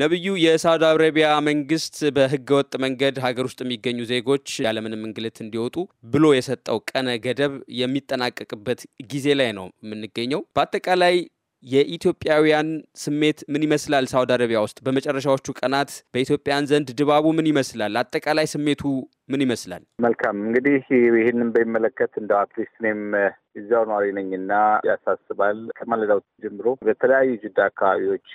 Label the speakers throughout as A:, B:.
A: ነቢዩ የሳውዲ አረቢያ መንግስት በህገወጥ መንገድ ሀገር ውስጥ የሚገኙ ዜጎች ያለምንም እንግልት እንዲወጡ ብሎ የሰጠው ቀነ ገደብ የሚጠናቀቅበት ጊዜ ላይ ነው የምንገኘው። በአጠቃላይ የኢትዮጵያውያን ስሜት ምን ይመስላል? ሳውዲ አረቢያ ውስጥ በመጨረሻዎቹ ቀናት በኢትዮጵያን ዘንድ ድባቡ ምን ይመስላል? አጠቃላይ ስሜቱ ምን ይመስላል?
B: መልካም እንግዲህ ይህንን በሚመለከት እንደ አትሊስት እኔም እዚያው ነዋሪ ነኝና ያሳስባል። ከማለዳው ጀምሮ በተለያዩ ጅዳ አካባቢዎች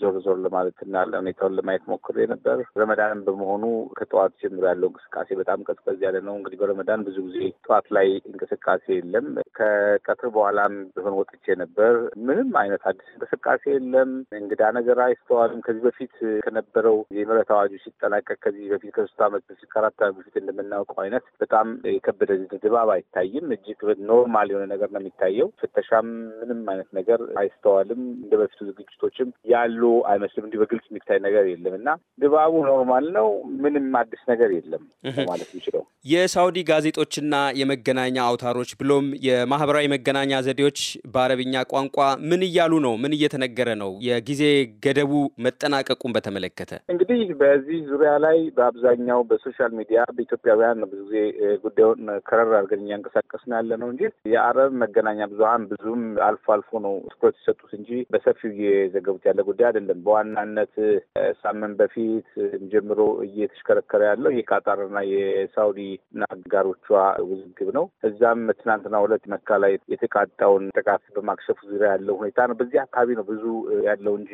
B: ዞር ዞር ለማለትና ሁኔታውን ለማየት ሞክሬ ነበር። ረመዳንም በመሆኑ ከጠዋት ጀምሮ ያለው እንቅስቃሴ በጣም ቀዝቀዝ ያለ ነው። እንግዲህ በረመዳን ብዙ ጊዜ ጠዋት ላይ እንቅስቃሴ የለም። ከቀትር በኋላም ቢሆን ወጥቼ ነበር። ምንም አይነት አዲስ እንቅስቃሴ የለም። እንግዳ ነገር አይስተዋልም። ከዚህ በፊት ከነበረው የምህረት አዋጁ ሲጠናቀቅ ከዚህ በፊት ከሶስት አመት በፊት ከአራት በፊት እንደምናውቀው አይነት በጣም የከበደ ድባብ አይታይም። እጅግ ኖርማል የሆነ ነገር ነው የሚታየው። ፍተሻም ምንም አይነት ነገር አይስተዋልም። እንደ በፊቱ ዝግጅቶችም ያሉ አይመስልም። እንዲህ በግልጽ የሚታይ ነገር የለም እና ድባቡ ኖርማል ነው። ምንም አዲስ ነገር የለም ማለት የሚችለው
A: የሳውዲ ጋዜጦችና የመገናኛ አውታሮች ብሎም የማህበራዊ መገናኛ ዘዴዎች በአረብኛ ቋንቋ ምን እያሉ ነው? ምን እየተነገረ ነው? የጊዜ ገደቡ መጠናቀቁን በተመለከተ
B: እንግዲህ በዚህ ዙሪያ ላይ በአብዛኛው በሶሻል ሚዲያ በኢትዮጵያውያን ብዙ ጊዜ ጉዳዩን ከረር አድርገን እያንቀሳቀስን ያለ ነው እንጂ የአረብ መገናኛ ብዙሀን ብዙም አልፎ አልፎ ነው ትኩረት ሲሰጡት እንጂ በሰፊው እየዘገቡት ያለ ጉዳይ አይደለም። በዋናነት ሳምንት በፊት ጀምሮ እየተሽከረከረ ያለው የካጣርና የቃጣርና የሳውዲ እና አጋሮቿ ውዝግብ ነው። እዛም ትናንትና ሁለት መካ ላይ የተቃጣውን ጥቃት በማክሸፍ ዙሪያ ያለው ሁኔታ ነው። በዚህ አካባቢ ነው ብዙ ያለው እንጂ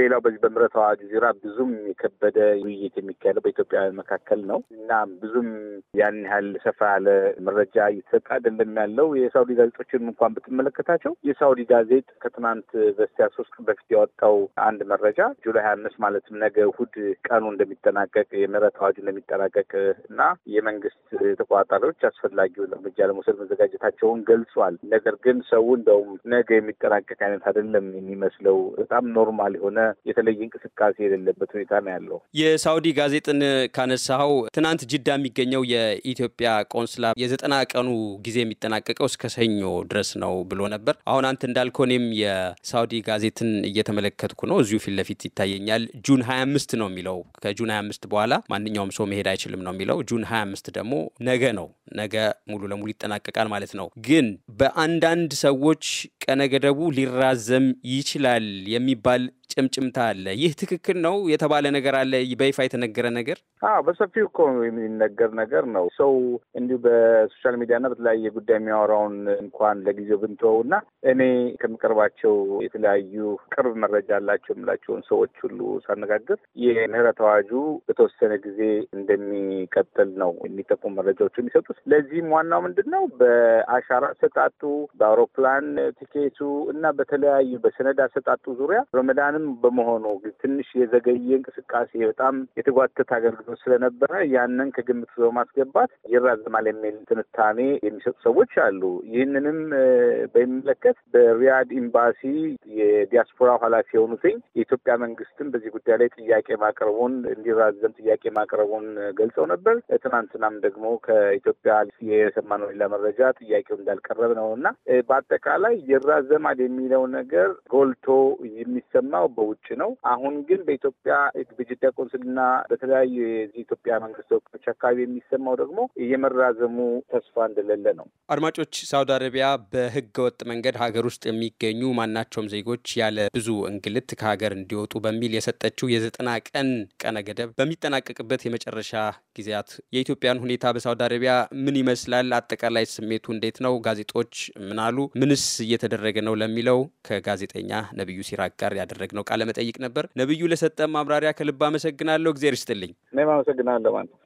B: ሌላው በዚህ በምህረት አዋጁ ዙሪያ ብዙም የከበደ ውይይት የሚካሄደው በኢትዮጵያውያን መካከል ነው እና ብዙም ያን ያህል ሰፋ ያለ መረጃ እየተሰጠ አይደለም ያለው። የሳውዲ ጋዜጦችን እንኳን ብትመለከታቸው የሳውዲ ጋዜጥ ከትናንት በስቲያ ሶስት ቀን በፊት ያወጣው አንድ መረጃ ጁላይ ሀያ አምስት ማለትም ነገ እሑድ ቀኑ እንደሚጠናቀቅ የምህረት አዋጁ እንደሚጠናቀቅ እና የመንግስት መንግስት ተቆጣጣሪዎች አስፈላጊውን እርምጃ ለመውሰድ መዘጋጀታቸውን ገልጿል። ነገር ግን ሰው እንደውም ነገ የሚጠናቀቅ አይነት አይደለም የሚመስለው። በጣም ኖርማል የሆነ የተለየ እንቅስቃሴ የሌለበት ሁኔታ ነው ያለው።
A: የሳውዲ ጋዜጥን ካነሳኸው ትናንት ጅዳ የሚገኘው የኢትዮጵያ ቆንስላ የዘጠና ቀኑ ጊዜ የሚጠናቀቀው እስከ ሰኞ ድረስ ነው ብሎ ነበር። አሁን አንተ እንዳልከው እኔም የሳውዲ ጋዜጥን እየተመለከትኩ ነው። እዚሁ ፊት ለፊት ይታየኛል። ጁን ሀያ አምስት ነው የሚለው ከጁን ሀያ አምስት በኋላ ማንኛውም ሰው መሄድ አይችልም ነው የሚለው ጁን ሀያ አምስት ደግሞ ነገ ነው። ነገ ሙሉ ለሙሉ ይጠናቀቃል ማለት ነው። ግን በአንዳንድ ሰዎች ቀነ ገደቡ ሊራዘም ይችላል የሚባል ጭምጭምታ አለ። ይህ ትክክል ነው የተባለ ነገር አለ፣ በይፋ የተነገረ ነገር።
B: አዎ በሰፊው እኮ የሚነገር ነገር ነው። ሰው እንዲሁ በሶሻል ሚዲያና በተለያየ ጉዳይ የሚያወራውን እንኳን ለጊዜው ብንተወው እና እኔ ከምቀርባቸው የተለያዩ ቅርብ መረጃ አላቸው የምላቸውን ሰዎች ሁሉ ሳነጋግር የምህረት አዋጁ በተወሰነ ጊዜ እንደሚቀጥል ነው የሚጠቁሙ መረጃዎች የሚሰጡት። ለዚህም ዋናው ምንድን ነው በአሻራ አሰጣጡ፣ በአውሮፕላን ቲኬቱ እና በተለያዩ በሰነድ አሰጣጡ ዙሪያ ረመዳን ውሳኔም በመሆኑ ትንሽ የዘገየ እንቅስቃሴ፣ በጣም የተጓተተ አገልግሎት ስለነበረ ያንን ከግምት በማስገባት ይራዘማል የሚል ትንታኔ የሚሰጡ ሰዎች አሉ። ይህንንም በሚመለከት በሪያድ ኤምባሲ የዲያስፖራው ኃላፊ የሆኑትኝ የኢትዮጵያ መንግስትም በዚህ ጉዳይ ላይ ጥያቄ ማቅረቡን እንዲራዘም ጥያቄ ማቅረቡን ገልጸው ነበር። ትናንትናም ደግሞ ከኢትዮጵያ የሰማነው ሌላ መረጃ ጥያቄው እንዳልቀረብ ነው እና በአጠቃላይ ይራዘማል የሚለው ነገር ጎልቶ የሚሰማው ስራው በውጭ ነው። አሁን ግን በኢትዮጵያ በጅዳ ቆንስልና በተለያዩ የዚህ ኢትዮጵያ መንግስት አካባቢ የሚሰማው ደግሞ የመራዘሙ ተስፋ እንደሌለ ነው።
A: አድማጮች፣ ሳውዲ አረቢያ በህገ ወጥ መንገድ ሀገር ውስጥ የሚገኙ ማናቸውም ዜጎች ያለ ብዙ እንግልት ከሀገር እንዲወጡ በሚል የሰጠችው የዘጠና ቀን ቀነ ገደብ በሚጠናቀቅበት የመጨረሻ ጊዜያት የኢትዮጵያን ሁኔታ በሳውዲ አረቢያ ምን ይመስላል? አጠቃላይ ስሜቱ እንዴት ነው? ጋዜጦች ምናሉ ምንስ እየተደረገ ነው ለሚለው ከጋዜጠኛ ነቢዩ ሲራክ ጋር ያደረግነው ነው ቃለመጠይቅ ነበር። ነብዩ ለሰጠን ማብራሪያ ከልብ አመሰግናለሁ። እግዜር ይስጥልኝ።
B: እኔም አመሰግናለሁ ማለት ነው።